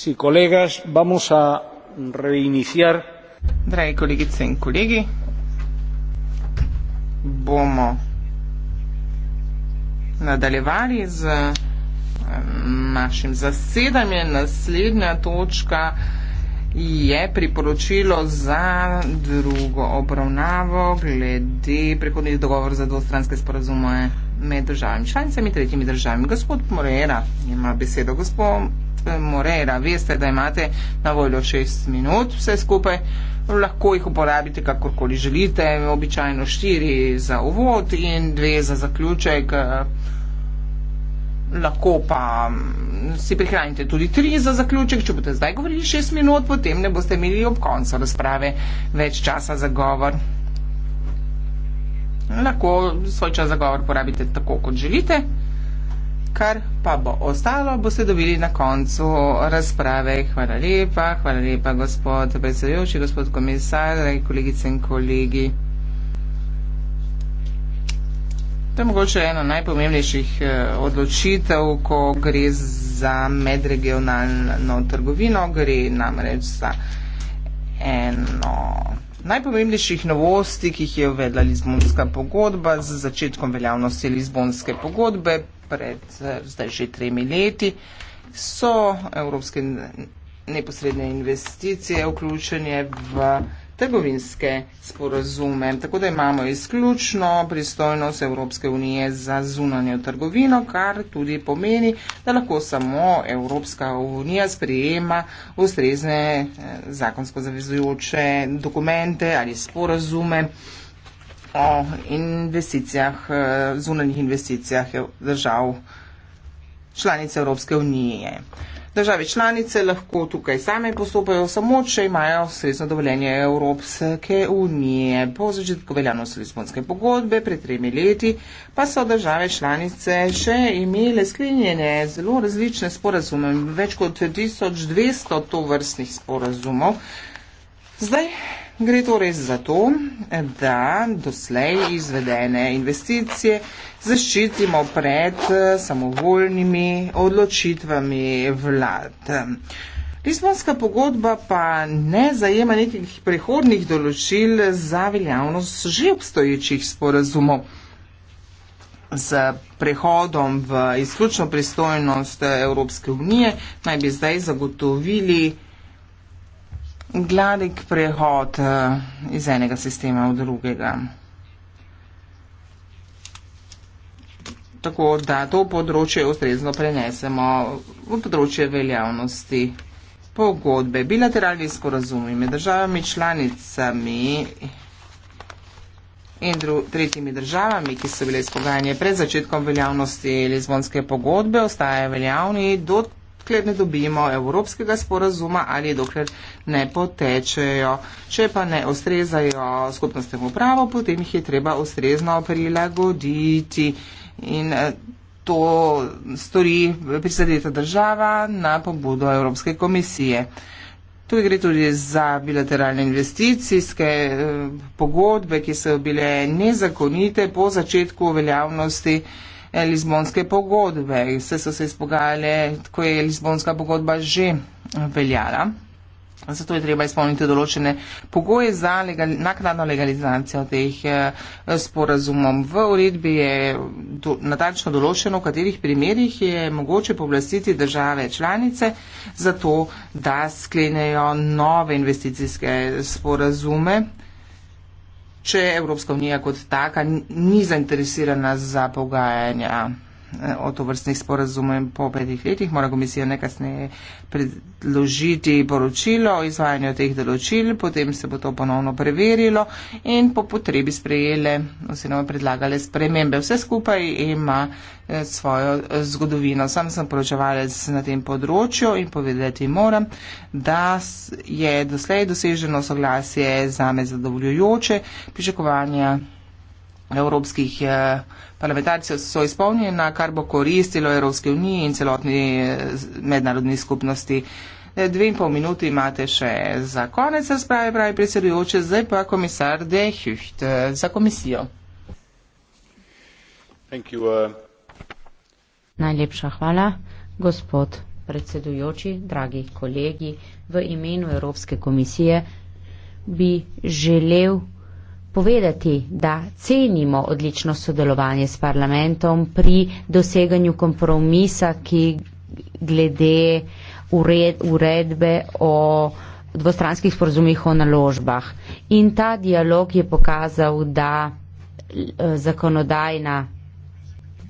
Drage kolegice in kolegi, bomo nadaljevali z našim zasedanjem. Naslednja točka je priporočilo za drugo obravnavo glede prihodnih dogovorov za dvostranske sporazume med državami članicami in tretjimi državami. Gospod Morera ima besedo. Gospod eh, Morera, veste, da imate na voljo šest minut vse skupaj. Lahko jih uporabite kakorkoli želite, običajno štiri za uvod in dve za zaključek. Eh, lahko pa mm, si prihranite tudi tri za zaključek, če boste zdaj govorili šest minut, potem ne boste imeli ob koncu razprave več časa za govor lahko svoj čas za govor porabite tako, kot želite. Kar pa bo ostalo, boste dobili na koncu razprave. Hvala lepa, hvala lepa, gospod predsedujoči, gospod komisar, dragi kolegice in kolegi. To je mogoče ena najpomembnejših eh, odločitev, ko gre za medregionalno trgovino, gre namreč za eno. Najpomembnejših novosti, ki jih je uvedla Lizbonska pogodba z začetkom veljavnosti Lizbonske pogodbe pred eh, zdaj že tremi leti, so evropske neposredne investicije, vključenje v trgovinske sporozume. Tako da imamo izključno pristojnost Evropske unije za zunanjo trgovino, kar tudi pomeni, da lahko samo Evropska unija sprejema ustrezne eh, zakonsko zavezujoče dokumente ali sporozume o investicijah, eh, zunanjih investicijah držav članic Evropske unije. Države članice lahko tukaj same postopajo, samo če imajo sredstvo dovoljenje Evropske unije. Po začetku veljavnosti Lizbonske pogodbe pred tremi leti pa so države članice še imele sklenjene zelo različne sporazume, več kot 1200 to vrstnih sporazumov. Zdaj Gre torej za to, da doslej izvedene investicije zaščitimo pred eh, samovoljnimi odločitvami vlad. Lisbonska pogodba pa ne zajema nekih prihodnih določil za veljavnost že obstoječih sporazumov. Z prehodom v izključno pristojnost Evropske unije naj bi zdaj zagotovili gladek prehod eh, iz enega sistema v drugega. Tako da to področje ustrezno prenesemo v področje veljavnosti pogodbe. Bilateralni sporazumi med državami članicami in tretjimi državami, ki so bile izpogajanje pred začetkom veljavnosti Lizbonske pogodbe, ostaje veljavni do dokler ne dobimo evropskega sporazuma ali dokler ne potečejo. Če pa ne ustrezajo skupnostnemu pravu, potem jih je treba ustrezno prilagoditi. In eh, to stori prizadeta država na pobudo Evropske komisije. Tu gre tudi za bilateralne investicijske eh, pogodbe, ki so bile nezakonite po začetku veljavnosti. Lizbonske pogodbe. Vse so se izpogajale, ko je Lizbonska pogodba že veljala. Zato je treba izpolniti določene pogoje za legal, nakladno legalizacijo teh eh, sporazumov. V uredbi je do, natančno določeno, v katerih primerjih je mogoče povlastiti države članice za to, da sklenejo nove investicijske sporazume če Evropska unija kot taka ni zainteresirana za pogajanja Eh, o tovrstnih sporazumov in po petih letih mora komisija nekasneje predložiti poročilo o izvajanju teh določil, potem se bo to ponovno preverilo in po potrebi sprejele oziroma predlagale spremembe. Vse skupaj ima eh, svojo eh, zgodovino. Sam sem poročevalec na tem področju in povedati moram, da je doslej doseženo soglasje zame zadovoljujoče pričakovanja evropskih eh, parlamentarcev so izpolnjena, kar bo koristilo Evropske unije in celotni eh, mednarodni skupnosti. Eh, dve in pol minuti imate še za konec razprave, pravi predsedujoče, zdaj pa komisar Dehucht za komisijo. You, uh... Najlepša hvala, gospod predsedujoči, dragi kolegi. V imenu Evropske komisije bi želel povedati, da cenimo odlično sodelovanje s parlamentom pri doseganju kompromisa, ki glede ured, uredbe o dvostranskih sporozumih o naložbah. In ta dialog je pokazal, da eh, zakonodajna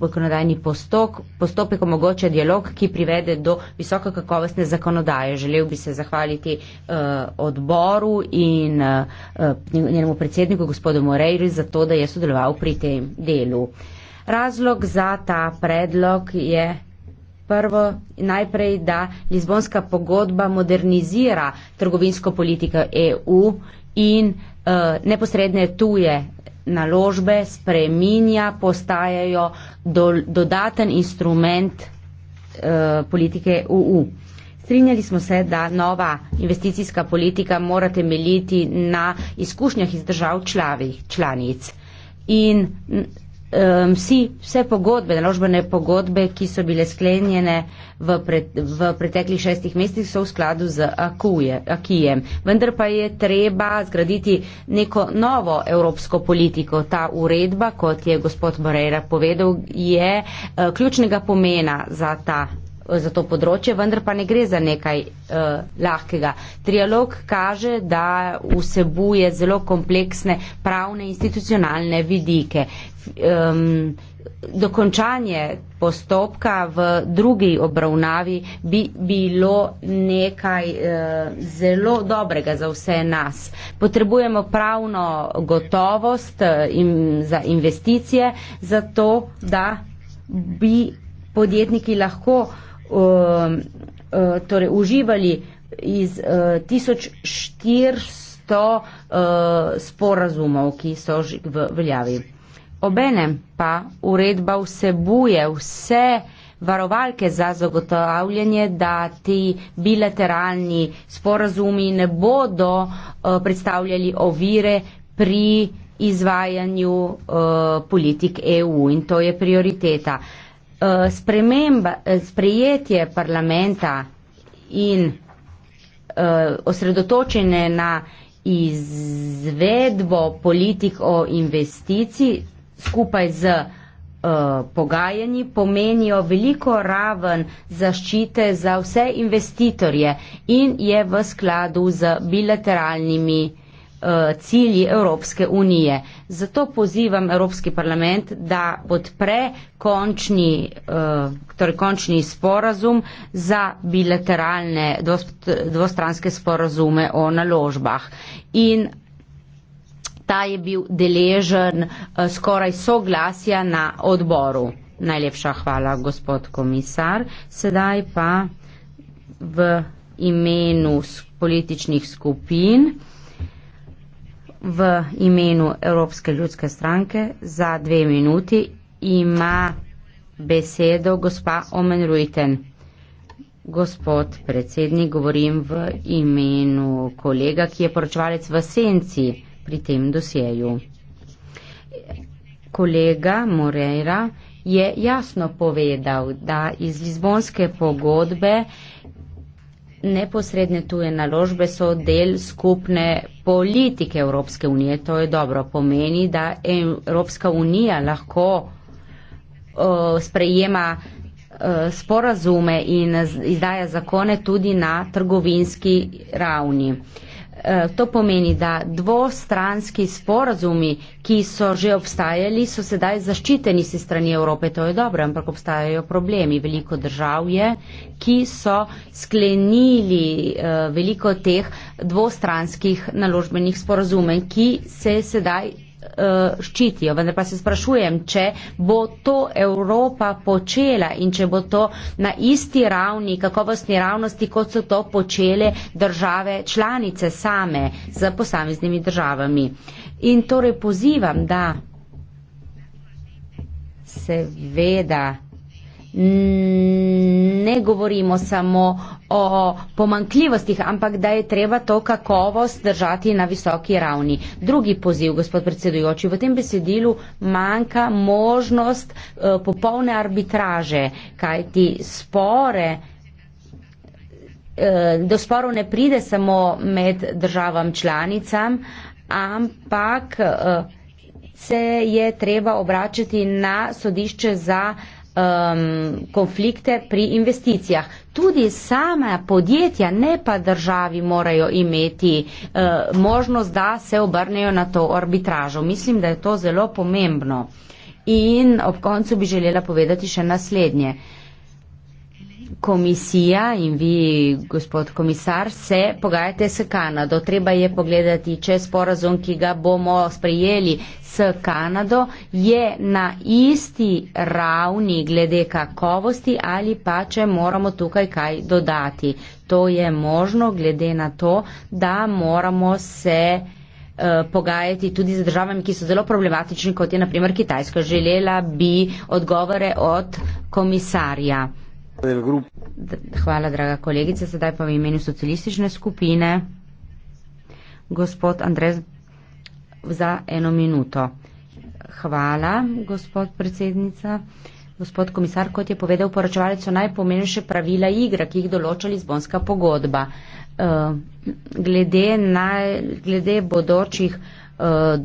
zakonodajni postok, postopek omogoča dialog, ki privede do visokokakovostne zakonodaje. Želel bi se zahvaliti uh, odboru in uh, njenemu predsedniku gospodu Morejri za to, da je sodeloval pri tem delu. Razlog za ta predlog je. Prvo, najprej, da Lizbonska pogodba modernizira trgovinsko politiko EU in uh, neposredne tuje naložbe spreminja, postajajo do, dodaten instrument eh, politike EU. Strinjali smo se, da nova investicijska politika mora temeljiti na izkušnjah iz držav člavih, članic in vsi, vse pogodbe, naložbene pogodbe, ki so bile sklenjene v, pred, v preteklih šestih mesecih, so v skladu z AKI-jem. Vendar pa je treba zgraditi neko novo evropsko politiko. Ta uredba, kot je gospod Barera povedal, je eh, ključnega pomena za ta za to področje, vendar pa ne gre za nekaj uh, lahkega. Trialog kaže, da vsebuje zelo kompleksne pravne institucionalne vidike. Um, dokončanje postopka v drugi obravnavi bi bilo nekaj eh, zelo dobrega za vse nas. Potrebujemo pravno gotovost eh, in za investicije, zato da bi podjetniki lahko eh, Um, uh, torej uživali iz 1400 uh, uh, sporazumov, ki so v veljavi. Obenem pa uredba vsebuje vse varovalke za zagotavljanje, da ti bilateralni sporazumi ne bodo predstavljali ovire pri izvajanju politik EU in to je prioriteta. Eh, sprememba, eh, sprejetje parlamenta in eh, osredotočene na izvedbo politik o investiciji skupaj z uh, pogajanji pomenijo veliko raven zaščite za vse investitorje in je v skladu z bilateralnimi uh, Eh, cilji Evropske unije. Zato pozivam Evropski parlament, da podpre končni, eh, torej končni sporazum za bilateralne dvostranske sporazume o naložbah. In ta je bil deležen eh, skoraj soglasja na odboru. Najlepša hvala, gospod komisar. Sedaj pa v imenu političnih skupin v imenu Evropske ljudske stranke za dve minuti ima besedo gospa Omen Rujten. Gospod predsednik, govorim v imenu kolega, ki je poročevalec v senci pri tem dosjeju. Kolega Moreira je jasno povedal, da iz Lizbonske pogodbe neposredne tuje naložbe so del skupne politike Evropske unije. To je dobro. Pomeni, da Evropska unija lahko uh, sprejema uh, sporazume in izdaja zakone tudi na trgovinski ravni. Uh, Eh, to pomeni, da dvostranski sporazumi, ki so že obstajali, so sedaj zaščiteni si strani Evrope. To je dobro, ampak obstajajo problemi. Veliko držav je, ki so sklenili eh, veliko teh dvostranskih naložbenih sporazumen, ki se sedaj Eh, ščitijo. Vendar pa se sprašujem, če bo to Evropa počela in če bo to na isti ravni, kakovostni ravnosti, kot so to počele države članice same z posameznimi državami. In torej pozivam, da seveda ne govorimo samo o pomankljivostih, ampak da je treba to kakovost držati na visoki ravni. Drugi poziv, gospod predsedujoči, v tem besedilu manjka možnost eh, popolne arbitraže, kajti spore, eh, do sporov ne pride samo med državam članicam, ampak eh, se je treba obračati na sodišče za um, konflikte pri investicijah. Tudi sama podjetja, ne pa državi, morajo imeti uh, možnost, da se obrnejo na to arbitražo. Mislim, da je to zelo pomembno. In ob koncu bi želela povedati še naslednje. Uh, komisija in vi, gospod komisar, se pogajate s Kanado. Treba je pogledati, če sporazum, ki ga bomo sprejeli s Kanado, je na isti ravni glede kakovosti ali pa če moramo tukaj kaj dodati. To je možno glede na to, da moramo se eh, pogajati tudi z državami, ki so zelo problematični, kot je naprimer Kitajska. Želela bi odgovore od komisarja. Hvala, draga kolegica. Sedaj pa v imenu socialistične skupine. Gospod Andres, za eno minuto. Hvala, gospod predsednica. Gospod komisar, kot je povedal, poročevalec so najpomembnejše pravila igre, ki jih določa Lizbonska pogodba. Eh, glede, na, glede bodočih Eh,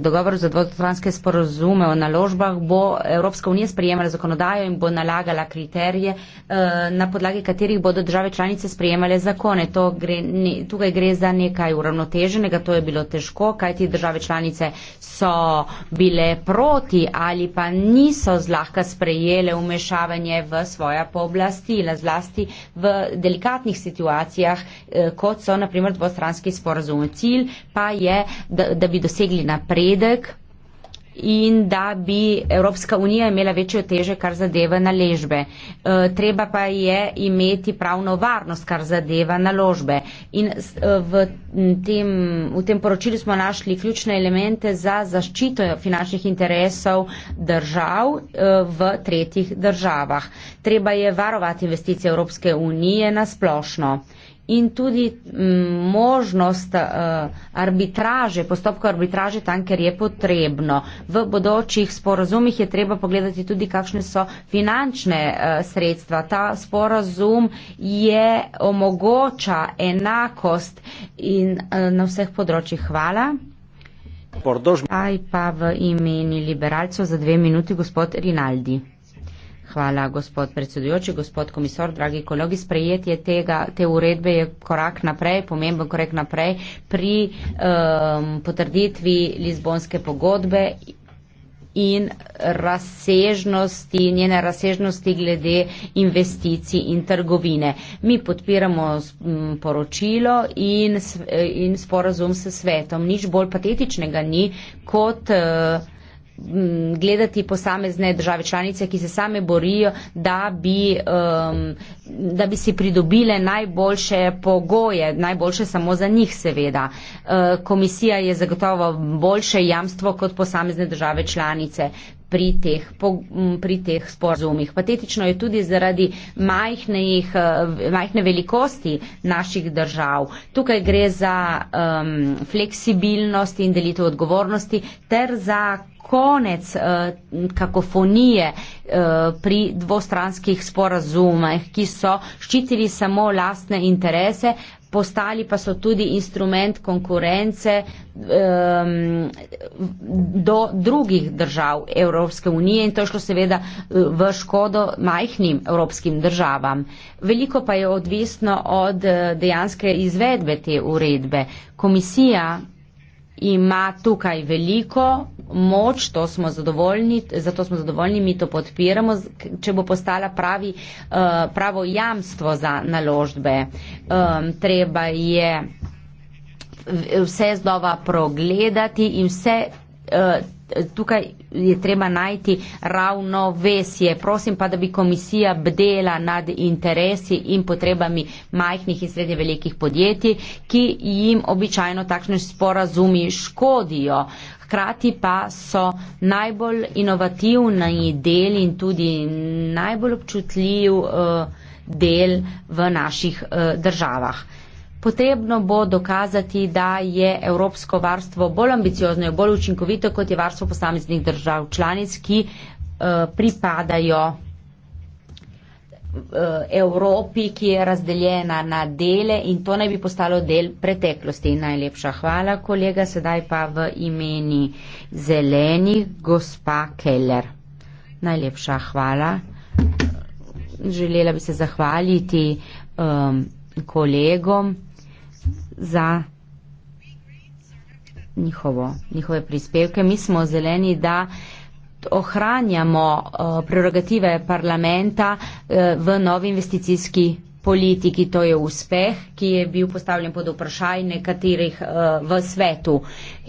dogovor za dvotranske sporozume o naložbah bo Evropska unija sprejemala zakonodajo in bo nalagala kriterije, eh, na podlagi katerih bodo države članice sprejemale zakone. Gre, ne, tukaj gre za nekaj uravnoteženega, to je bilo težko, kajti države članice so bile proti ali pa niso zlahka sprejele umešavanje v svoja pooblastila, zlasti v delikatnih situacijah, eh, kot so naprimer dvotranski sporozum. Cilj pa je, da, da bi bi dosegli napredek in da bi Evropska unija imela večjo teže, kar zadeva naležbe. E, treba pa je imeti pravno varnost, kar zadeva naložbe. In e, v tem, v tem poročilu smo našli ključne elemente za zaščito finančnih interesov držav e, v tretjih državah. Treba je varovati investicije Evropske unije na splošno. E, in tudi mm, možnost eh, arbitraže, postopka arbitraže tam, ker je potrebno. V bodočih sporazumih je treba pogledati tudi, kakšne so finančne eh, sredstva. Ta sporazum je omogoča enakost in eh, na vseh področjih hvala. Aj pa v imeni liberalcev za dve minuti, gospod Rinaldi. Hvala, gospod predsedujoči, gospod komisar, dragi kolegi. Sprejetje tega, te uredbe je korak naprej, pomemben korak naprej pri um, potrditvi Lizbonske pogodbe in razsežnosti, njene razsežnosti glede investicij in trgovine. Mi podpiramo mm, poročilo in, in sporazum s svetom. Nič bolj patetičnega ni kot. Uh, Mm, gledati posamezne države članice, ki se same borijo, da bi, um, da bi si pridobile najboljše pogoje, najboljše samo za njih seveda. Uh, komisija je zagotovo boljše jamstvo kot posamezne države članice pri teh, po, mm, pri teh sporozumih. Patetično je tudi zaradi majhnih, uh, majhne velikosti naših držav. Tukaj gre za um, fleksibilnost in delitev odgovornosti ter za konec uh, kakofonije uh, pri dvostranskih sporazumeh, ki so ščitili samo lastne interese, postali pa so tudi instrument konkurence um, do drugih držav Evropske unije in to je šlo seveda eh, v škodo majhnim evropskim državam. Veliko pa je odvisno od dejanske izvedbe te uredbe. Komisija ima tukaj veliko moč, to smo zadovoljni, zato smo zadovoljni, mi to podpiramo, če bo postala pravi, eh, pravo jamstvo za naložbe. Treba je vse zdova progledati in vse eh, tukaj je treba najti ravno vesje. Prosim pa, da bi komisija bdela nad interesi in potrebami majhnih in srednje velikih podjetij, ki jim običajno takšne sporazumi škodijo. Hkrati pa so najbolj inovativni del in tudi najbolj občutljiv uh, del v naših uh, državah. Potrebno bo dokazati, da je evropsko varstvo bolj ambiciozno in bolj učinkovito, kot je varstvo posameznih držav članic, ki uh, pripadajo uh, Evropi, ki je razdeljena na dele in to naj bi postalo del preteklosti. Najlepša hvala, kolega, sedaj pa v imeni zeleni gospa Keller. Najlepša hvala. Želela bi se zahvaliti um, kolegom za njihovo, njihove prispevke. Mi smo zeleni, da ohranjamo uh, prerogative parlamenta uh, v novi investicijski politiki. To je uspeh, ki je bil postavljen pod vprašaj nekaterih eh, v svetu.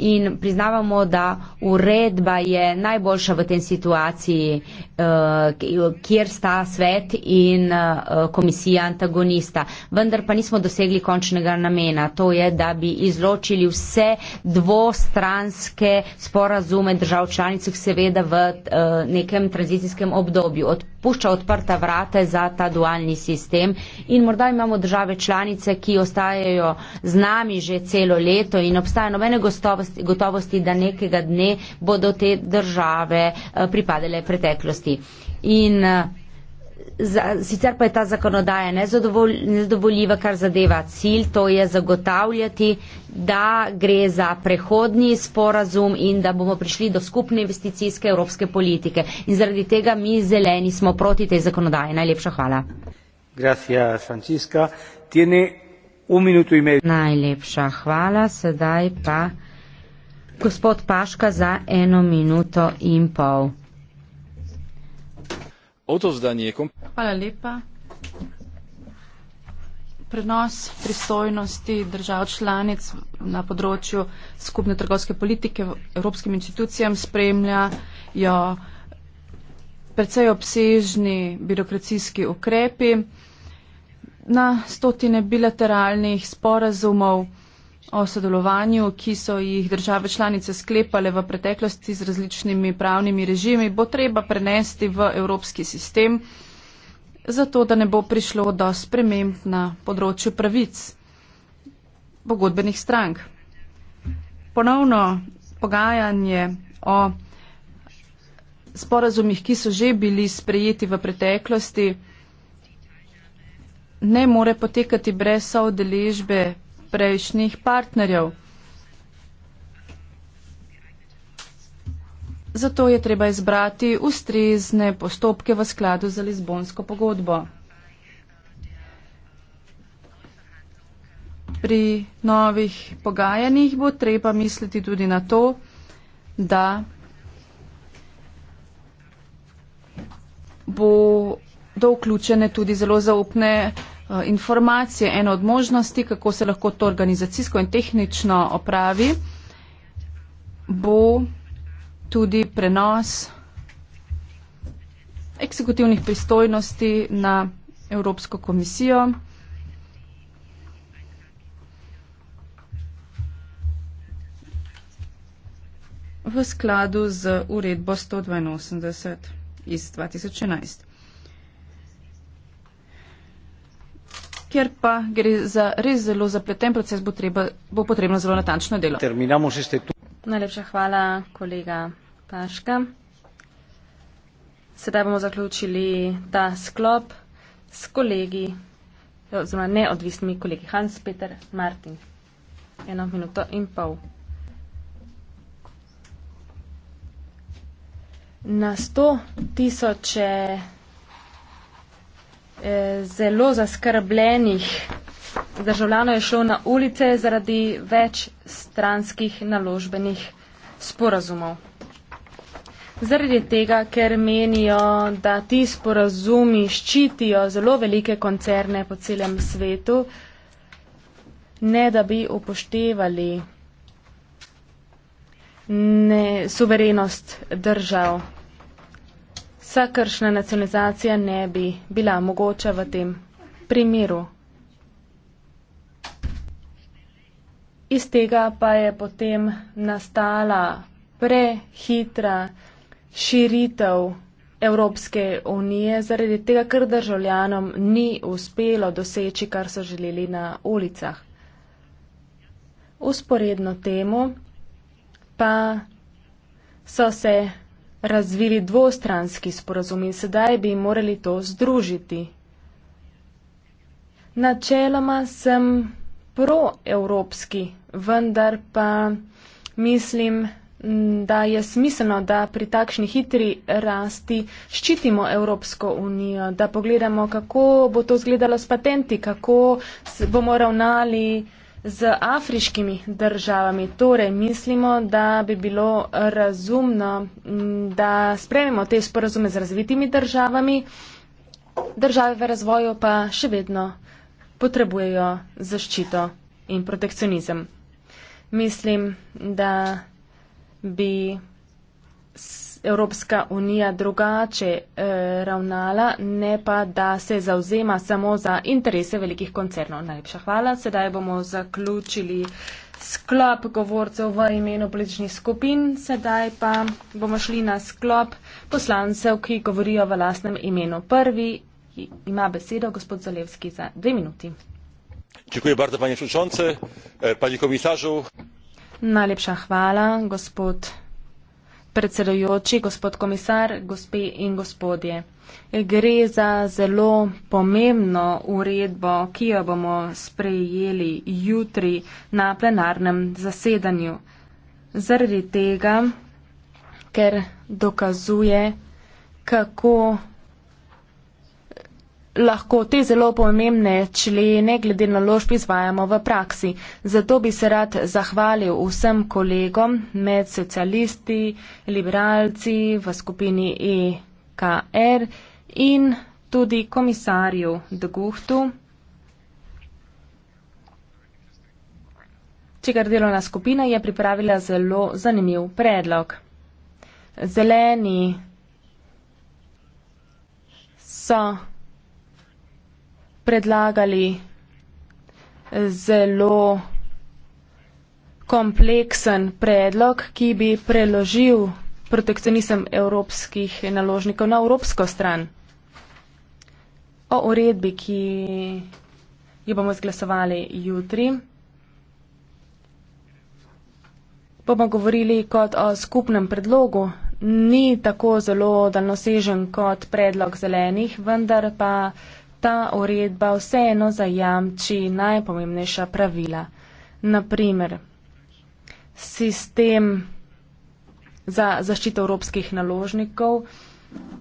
In priznavamo, da uredba je najboljša v tem situaciji, eh, kjer sta svet in eh, komisija antagonista. Vendar pa nismo dosegli končnega namena. To je, da bi izločili vse dvostranske sporazume držav članic, seveda v nekem tranzicijskem obdobju pušča odprta vrata za ta dualni sistem in morda imamo države članice, ki ostajajo z nami že celo leto in obstaja nobene gotovosti, gotovosti da nekega dne bodo te države eh, pripadele preteklosti. In, uh, za, sicer pa je ta zakonodaja nezadovoljiva, kar zadeva cilj, to je zagotavljati, da gre za prehodni sporazum in da bomo prišli do skupne investicijske evropske politike. In zaradi tega mi zeleni smo proti tej zakonodaji. Najlepša hvala. Najlepša hvala. Sedaj pa gospod Paška za eno minuto in pol odovzdanje Hvala lepa. Prenos pristojnosti držav članic na področju skupne trgovske politike evropskim institucijam spremlja jo precej obsežni birokracijski ukrepi na stotine bilateralnih sporazumov o sodelovanju, ki so jih države članice sklepale v preteklosti z različnimi pravnimi režimi, bo treba prenesti v evropski sistem, zato da ne bo prišlo do sprememb na področju pravic pogodbenih strank. Ponovno pogajanje o sporazumih, ki so že bili sprejeti v preteklosti, ne more potekati brez soodeležbe prejšnjih partnerjev. Zato je treba izbrati ustrezne postopke v skladu za Lizbonsko pogodbo. Pri novih pogajanjih bo treba misliti tudi na to, da bo do vključene tudi zelo zaupne Eh, informacije, eno od možnosti, kako se lahko to organizacijsko in tehnično opravi, bo tudi prenos eksekutivnih pristojnosti na Evropsko komisijo. v skladu z uredbo 182 iz 2011. ker pa gre za res zelo zapleten proces, bo, treba, bo potrebno zelo natančno delo. Najlepša hvala, kolega Paška. Sedaj bomo zaključili ta sklop s kolegi, oziroma neodvisnimi kolegi Hans Peter Martin. Eno minuto in pol. Na sto tisoče. Eh, zelo zaskrbljenih državljanov je šlo na ulice zaradi več stranskih naložbenih sporazumov. Zaradi tega, ker menijo, da ti sporazumi ščitijo zelo velike koncerne po celem svetu, ne da bi upoštevali ne, suverenost držav vsakršna nacionalizacija ne bi bila mogoča v tem primeru. Iz tega pa je potem nastala prehitra širitev Evropske unije, zaradi tega, ker državljanom ni uspelo doseči, kar so želeli na ulicah. Usporedno temu pa so se razvili dvostranski sporazum in sedaj bi morali to združiti. Načeloma sem proevropski, vendar pa mislim, da je smiselno, da pri takšni hitri rasti ščitimo Evropsko unijo, da pogledamo, kako bo to izgledalo s patenti, kako bomo ravnali z afriškimi državami. Torej, mislimo, da bi bilo razumno, da sprememo te sporozume z razvitimi državami, države v razvoju pa še vedno potrebujejo zaščito in protekcionizem. Mislim, da bi. S Evropska unija drugače e, ravnala, ne pa da se zauzema samo za interese velikih koncernov. Najlepša hvala. Sedaj bomo zaključili sklop govorcev v imenu političnih skupin. Sedaj pa bomo šli na sklop poslancev, ki govorijo v lasnem imenu. Prvi ima besedo gospod Zalevski za dve minuti. Čekuje bardzo, panie przewodniczący, e, panie komisarzu. Najlepša hvala, gospod predsedojoči, gospod komisar, gospe in gospodje. Gre za zelo pomembno uredbo, ki jo bomo sprejeli jutri na plenarnem zasedanju. Zaradi tega, ker dokazuje, kako lahko te zelo pomembne člene glede naložb izvajamo v praksi. Zato bi se rad zahvalil vsem kolegom med socialisti, liberalci v skupini EKR in tudi komisarju Dguhtu, čigar delovna skupina je pripravila zelo zanimiv predlog. Zeleni so predlagali zelo kompleksen predlog, ki bi preložil protekcionizem evropskih naložnikov na evropsko stran. O uredbi, ki jo bomo izglasovali jutri, bomo govorili kot o skupnem predlogu. Ni tako zelo daljnosežen kot predlog zelenih, vendar pa ta uredba vseeno zajamči najpomembnejša pravila. Naprimer, sistem za zaščito evropskih naložnikov,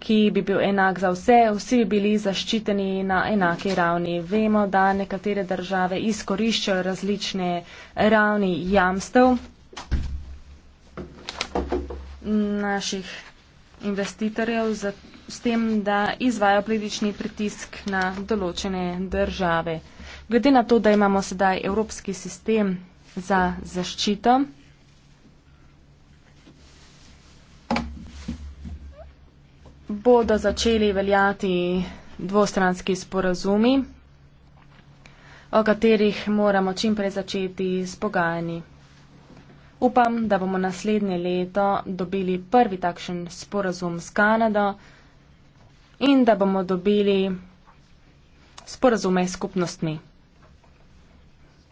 ki bi bil enak za vse, vsi bi bili zaščiteni na enaki ravni. Vemo, da nekatere države izkoriščajo različne ravni jamstev naših investitorjev za, s tem, da izvajo politični pritisk na določene države. Glede na to, da imamo sedaj evropski sistem za zaščito, bodo začeli veljati dvostranski sporazumi, o katerih moramo čimprej začeti s pogajanji. Upam, da bomo naslednje leto dobili prvi takšen sporazum s Kanado in da bomo dobili sporazume s skupnostmi.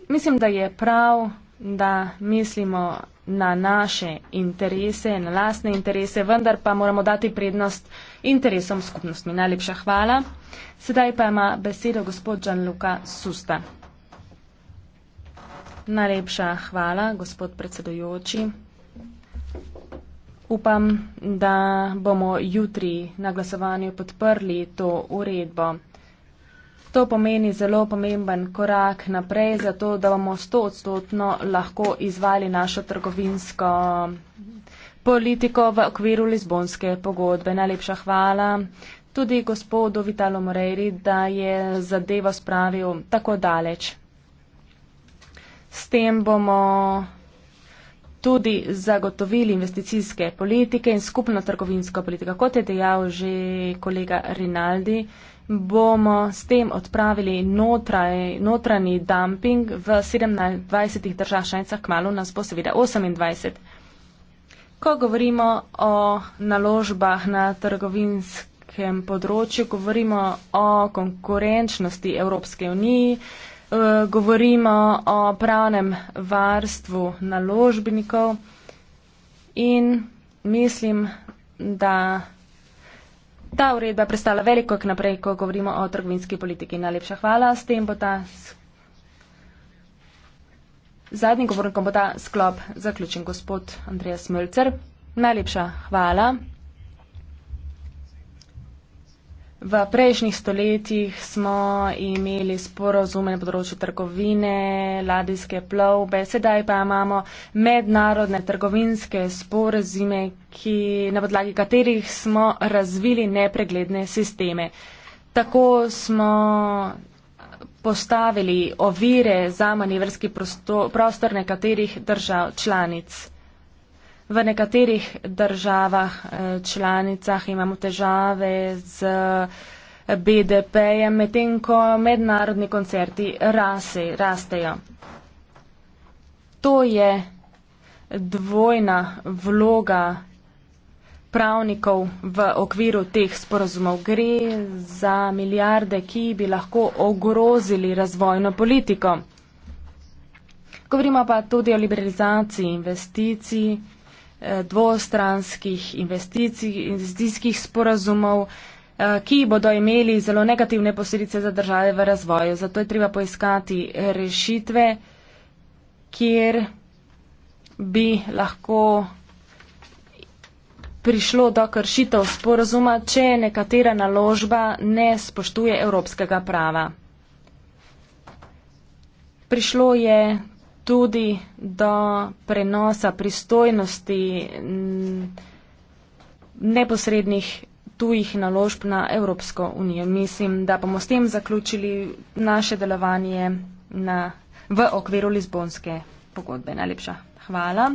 Mislim, da je prav, da mislimo na naše interese, na lastne interese, vendar pa moramo dati prednost interesom skupnostmi. Najlepša hvala. Sedaj pa ima besedo gospod Gianluca Susta. Najlepša hvala, gospod predsedujoči. Upam, da bomo jutri na glasovanju podprli to uredbo. To pomeni zelo pomemben korak naprej, zato da bomo sto odstotno lahko izvali našo trgovinsko politiko v okviru Lizbonske pogodbe. Najlepša hvala tudi gospodu Vitalo Moreri, da je zadevo spravil tako daleč. S tem bomo tudi zagotovili investicijske politike in skupno trgovinsko politiko. Kot je dejal že kolega Rinaldi, bomo s tem odpravili notraj, notranji dumping v 27 držav šajcah, kmalo nas bo seveda 28. Ko govorimo o naložbah na trgovinskem področju, govorimo o konkurenčnosti Evropske unije. Eh, govorimo o pravnem varstvu naložbnikov in mislim, da ta uredba predstavlja veliko k naprej, ko govorimo o trgovinski politiki. Najlepša hvala. S tem bo ta zadnji govornik, ko bo ta sklop zaključen, gospod Andreja Smölcer. Najlepša hvala. V prejšnjih stoletjih smo imeli sporozume na področju trgovine, ladijske plovbe, sedaj pa imamo mednarodne trgovinske sporozume, na podlagi katerih smo razvili nepregledne sisteme. Tako smo postavili ovire za manevrski prostor nekaterih držav članic. V nekaterih državah eh, članicah imamo težave z eh, BDP-jem, medtem ko mednarodni koncerti rase, rastejo. To je dvojna vloga pravnikov v okviru teh sporozumov. Gre za milijarde, ki bi lahko ogrozili razvojno politiko. Govorimo pa tudi o liberalizaciji investicij. Eh, dvostranskih investicijskih sporazumov, eh, ki bodo imeli zelo negativne posledice za države v razvoju. Zato je treba poiskati rešitve, kjer bi lahko prišlo do kršitev sporazuma, če nekatera naložba ne spoštuje evropskega prava. Prišlo je tudi, da prenosa pristojnosti mm, neposrednih tujih naložb na Evropsko unijo. Mislim, da bomo s tem zaključili naše delovanje na, v okviru Lizbonske pogodbe. Najlepša hvala.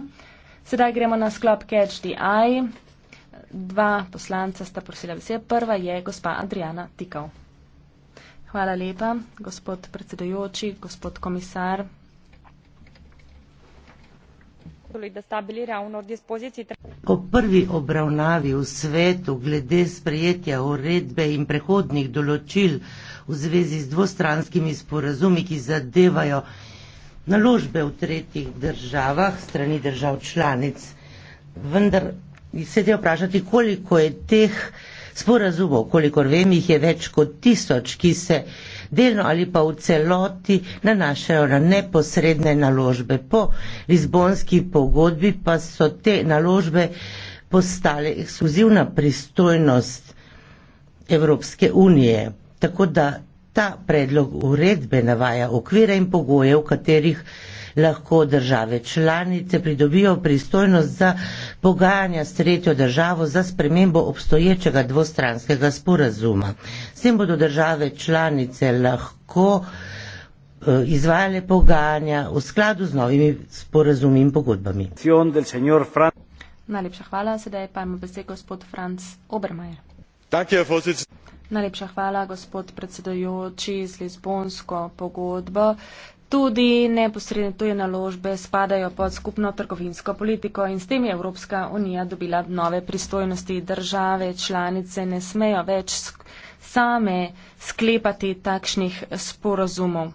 Sedaj gremo na sklop Catch the Eye. Dva poslanca sta prosila besedo. Prva je gospa Adriana Tikov. Hvala lepa, gospod predsedojoči, gospod komisar, raportului de stabilire a unor dispoziții. O prvi obravnavi v svetu glede sprejetja uredbe in prehodnih določil v zvezi z dvostranskimi sporazumi, ki zadevajo naložbe v tretjih državah strani držav članic. Vendar se je vprašati, koliko je teh sporazumov, kolikor vem, jih je več kot tisoč, ki se delno ali pa v celoti nanašajo na neposredne naložbe. Po Lizbonski pogodbi pa so te naložbe postale ekskluzivna pristojnost Evropske unije. Tako da Ta predlog uredbe navaja okvire in pogoje, v katerih lahko države članice pridobijo pristojnost za pogajanja s tretjo državo za spremembo obstoječega dvostranskega sporazuma. S tem bodo države članice lahko eh, izvajale pogajanja v skladu z novimi sporazumi in pogodbami. Najlepša hvala, sedaj pa ima besed gospod Franz Obermajer. Najlepša hvala, gospod predsedojoči, z Lizbonsko pogodbo. Tudi neposredne tuje naložbe spadajo pod skupno trgovinsko politiko in s tem je Evropska unija dobila nove pristojnosti. Države članice ne smejo več same sklepati takšnih sporozumov.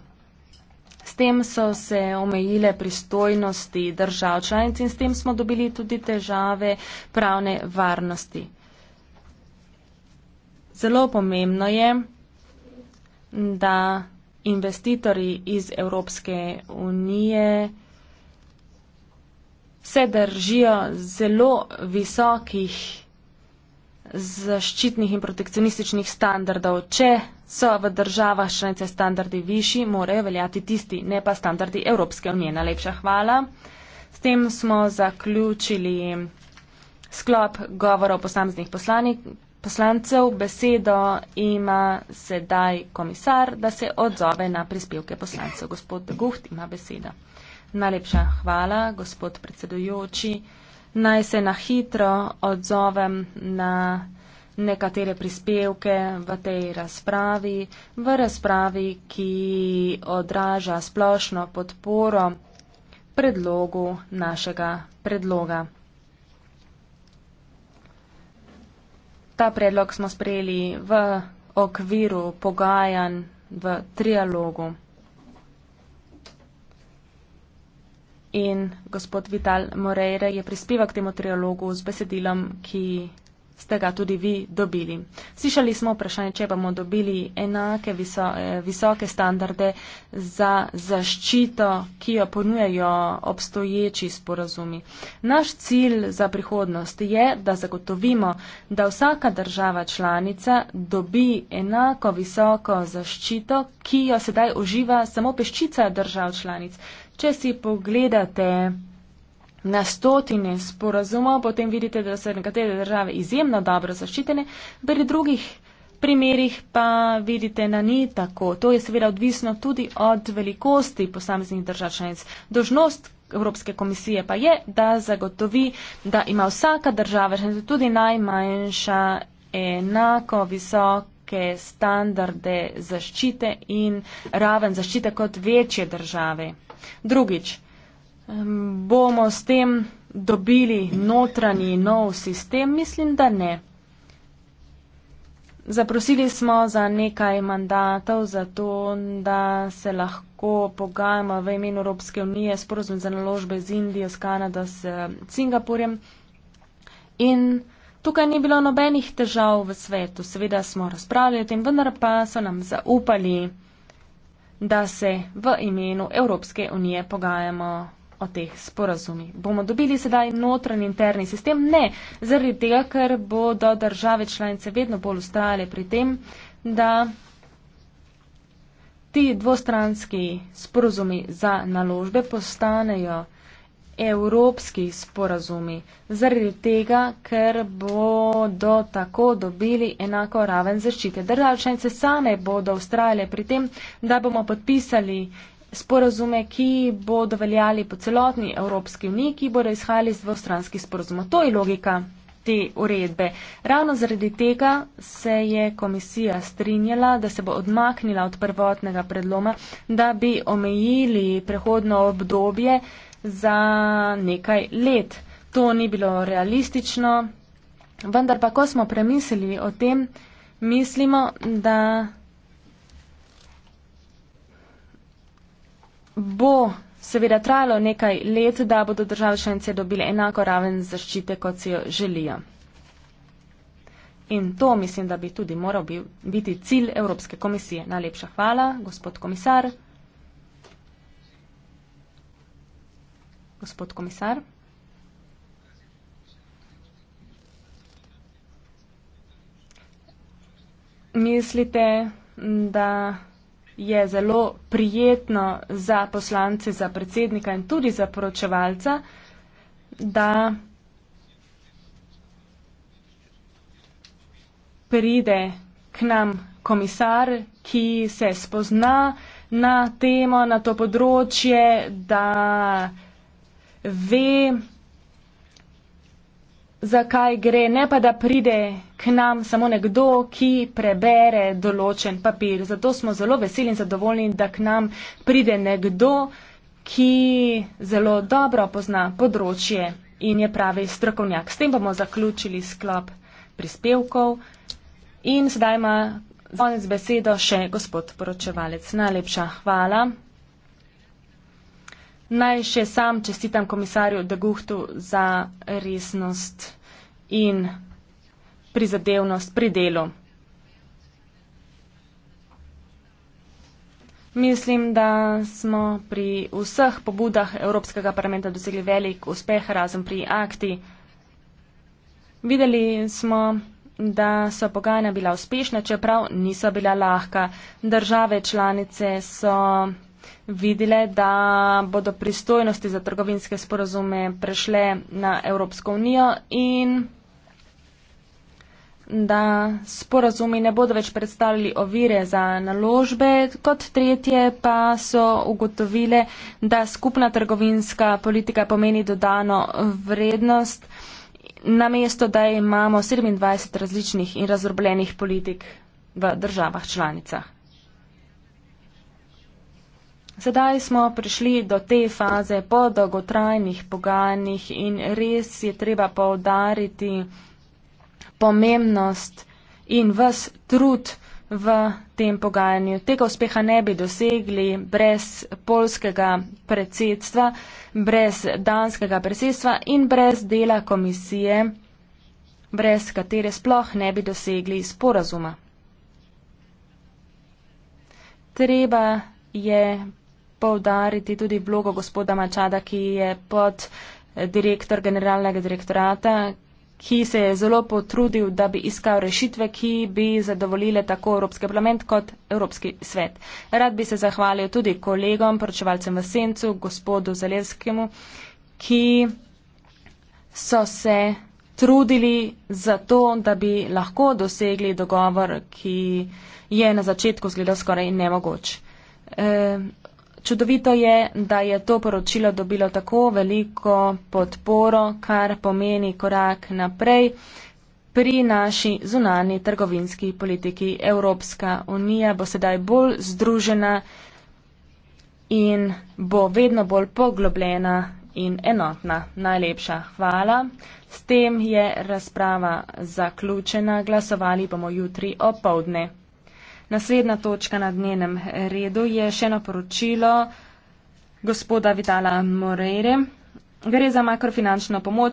S tem so se omejile pristojnosti držav članic in s tem smo dobili tudi težave pravne varnosti. Zelo pomembno je, da investitorji iz Evropske unije se držijo zelo visokih zaščitnih in protekcionističnih standardov. Če so v državah članice standardi višji, morajo veljati tisti, ne pa standardi Evropske unije. Najlepša hvala. S tem smo zaključili sklop govorov posameznih poslanikov poslancev besedo ima sedaj komisar, da se odzove na prispevke poslancev. Gospod Guht ima besedo. Najlepša hvala, gospod predsedujoči. Naj se na hitro odzovem na nekatere prispevke v tej razpravi, v razpravi, ki odraža splošno podporo predlogu našega predloga. ta predlog smo sprejeli v okviru pogajanj v trialogu. In gospod Vital Moreira je prispeval k temu trialogu z besedilom, ki ste ga tudi vi dobili. Slišali smo vprašanje, če bomo dobili enake viso, eh, visoke standarde za zaščito, ki jo ponujajo obstoječi sporazumi. Naš cilj za prihodnost je, da zagotovimo, da vsaka država članica dobi enako visoko zaščito, ki jo sedaj uživa samo peščica držav članic. Če si pogledate na stotine sporazumov, potem vidite, da so nekatere države izjemno dobro zaščitene, pri drugih primerjih pa vidite, da ni tako. To je seveda odvisno tudi od velikosti posameznih držav članic. Dožnost Evropske komisije pa je, da zagotovi, da ima vsaka država, še tudi najmanjša, enako visok standarde zaščite in raven zaščite kot večje države. Drugič, Bomo s tem dobili notranji nov sistem? Mislim, da ne. Zaprosili smo za nekaj mandatov, zato da se lahko pogajamo v imenu Evropske unije, sporozum za naložbe z Indijo, s Kanado, s Singapurjem. In tukaj ni bilo nobenih težav v svetu. Seveda smo razpravljali o tem, vendar pa so nam zaupali, da se v imenu Evropske unije pogajamo o teh sporazumih. Bomo dobili sedaj notranji interni sistem? Ne, zaradi tega, ker bodo države članice vedno bolj ustrajale pri tem, da ti dvostranski sporazumi za naložbe postanejo evropski sporazumi, zaradi tega, ker bodo tako dobili enako raven zaščite. Države članice same bodo ustrajale pri tem, da bomo podpisali sporazume, ki bodo veljali po celotni Evropski uniji, ki bodo izhajali iz dvostranskih sporazumov. To je logika te uredbe. Ravno zaradi tega se je komisija strinjala, da se bo odmaknila od prvotnega predloma, da bi omejili prehodno obdobje za nekaj let. To ni bilo realistično, vendar pa ko smo premislili o tem, mislimo, da. bo seveda trajalo nekaj let, da bodo države članice dobile enako raven zaščite, kot si jo želijo. In to mislim, da bi tudi moral biti cilj Evropske komisije. Najlepša hvala, gospod komisar. Gospod komisar. Mislite, da je zelo prijetno za poslance, za predsednika in tudi za poročevalca, da pride k nam komisar, ki se spozna na temo, na to področje, da ve, zakaj gre, ne pa da pride k nam samo nekdo, ki prebere določen papir. Zato smo zelo veseli in zadovoljni, da k nam pride nekdo, ki zelo dobro pozna področje in je pravi strokovnjak. S tem bomo zaključili sklop prispevkov in sedaj ima. Zvonec besedo še gospod poročevalec. Najlepša hvala. Naj še sam čestitam komisarju de Guhtu za resnost in prizadevnost pri delu. Mislim, da smo pri vseh pobudah Evropskega parlamenta dosegli velik uspeh razen pri akti. Videli smo, da so pogajanja bila uspešna, čeprav niso bila lahka. Države članice so videli, da bodo pristojnosti za trgovinske sporozume prešle na Evropsko unijo in da sporozumi ne bodo več predstavljali ovire za naložbe. Kot tretje pa so ugotovile, da skupna trgovinska politika pomeni dodano vrednost na mesto, da imamo 27 različnih in razrobljenih politik v državah članicah. Sedaj smo prišli do te faze po dolgotrajnih pogajanjih in res je treba povdariti pomembnost in vas trud v tem pogajanju. Tega uspeha ne bi dosegli brez polskega predsedstva, brez danskega predsedstva in brez dela komisije, brez katere sploh ne bi dosegli sporazuma. Treba je poudariti tudi vlogo gospoda Mačada, ki je pod eh, direktor generalnega direktorata, ki se je zelo potrudil, da bi iskal rešitve, ki bi zadovoljile tako Evropski parlament kot Evropski svet. Rad bi se zahvalil tudi kolegom, poročevalcem v Sencu, gospodu Zalevskemu, ki so se trudili za to, da bi lahko dosegli dogovor, ki je na začetku zgledal skoraj nemogoč. E, Čudovito je, da je to poročilo dobilo tako veliko podporo, kar pomeni korak naprej pri naši zunani trgovinski politiki. Evropska unija bo sedaj bolj združena in bo vedno bolj poglobljena in enotna. Najlepša hvala. S tem je razprava zaključena. Glasovali bomo jutri o povdne. Naslednja točka na dnevnem redu je še eno poročilo gospoda Vitala Moreire. Gre za makrofinančno pomoč.